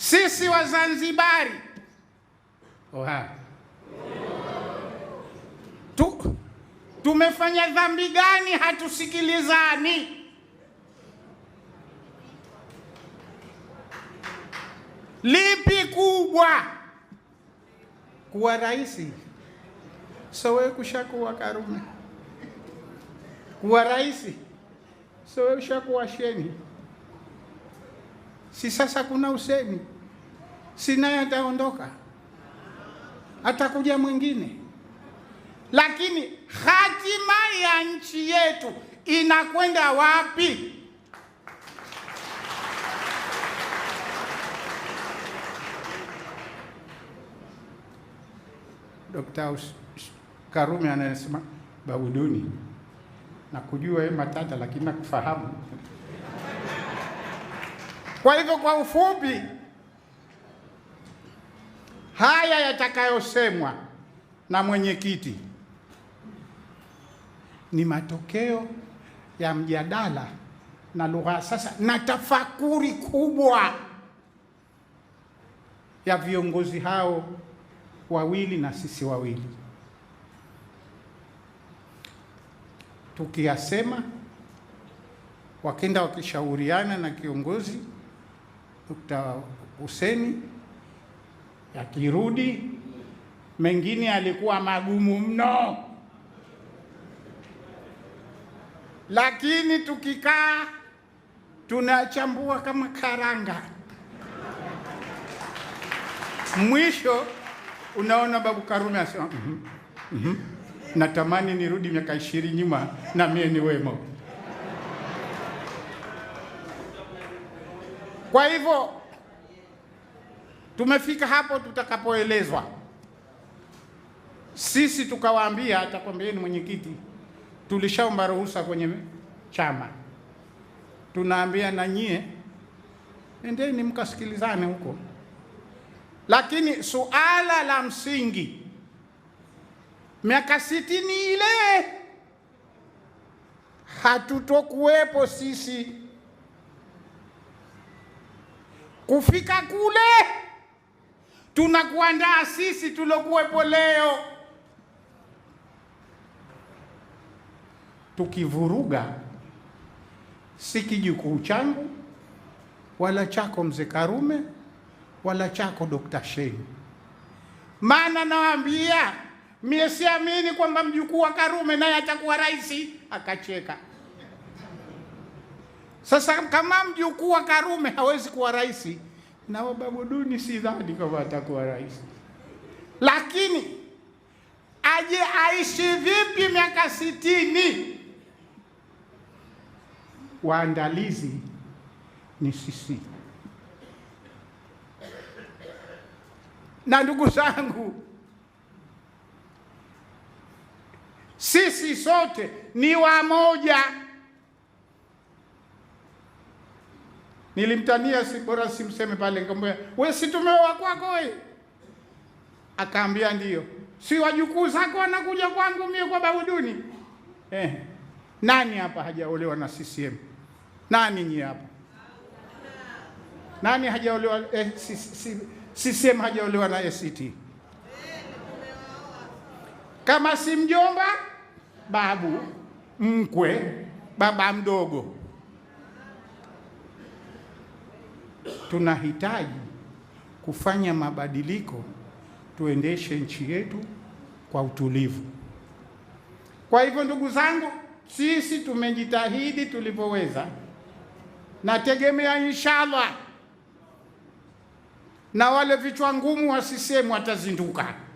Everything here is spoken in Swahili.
Sisi Wazanzibari oha, tu tumefanya dhambi gani? Hatusikilizani. Lipi kubwa kuwa rais? wewe kushakuwa Karume kuwa rais, wewe ushakuwa Sheni si sasa kuna Useni, si naye ataondoka, atakuja mwingine, lakini hatima ya nchi yetu inakwenda wapi? Dr. Karume anasema, Babuduni, nakujua matata, lakini nakufahamu kwa hivyo kwa ufupi, haya yatakayosemwa na mwenyekiti ni matokeo ya mjadala na lugha sasa na tafakuri kubwa ya viongozi hao wawili na sisi wawili, tukiyasema wakenda wakishauriana na kiongozi Dr. Hussein akirudi, mengine alikuwa magumu mno, lakini tukikaa tunachambua kama karanga, mwisho unaona Babu Karume asema, mm -hmm, mm -hmm, natamani nirudi miaka ishirini nyuma na mie ni wemo. Kwa hivyo tumefika hapo tutakapoelezwa sisi, tukawaambia atakwambieni mwenyekiti, tulishaomba ruhusa kwenye chama, tunaambia na nyie endeni mkasikilizane huko, lakini suala la msingi miaka sitini ile hatutokuwepo sisi Kufika kule tunakuandaa sisi tulokuwepo leo, tukivuruga si kijukuu changu wala chako mzee Karume wala chako Dokta Shein. Maana nawaambia mie siamini kwamba mjukuu wa Karume naye atakuwa rais. Akacheka. Sasa kama mjukuu wa Karume hawezi kuwa rais, na Babu Duni sidhani kama atakuwa rais, lakini aje aishi vipi miaka sitini? Waandalizi ni sisi. Na ndugu zangu, sisi sote ni wamoja. Nilimtania, si bora simseme pale, nikamwambia wewe, si tumeoa kwako wewe? Akaambia ndio. Si wajukuu zako wanakuja kwangu mie kwa bauduni eh. Nani hapa hajaolewa na CCM? Nani nyi hapa? Nani hajaolewa eh, CCM hajaolewa na ACT? E Kama si mjomba, babu, mkwe, baba mdogo tunahitaji kufanya mabadiliko, tuendeshe nchi yetu kwa utulivu. Kwa hivyo, ndugu zangu, sisi tumejitahidi tulivyoweza. Nategemea inshallah na wale vichwa ngumu wa CCM watazinduka.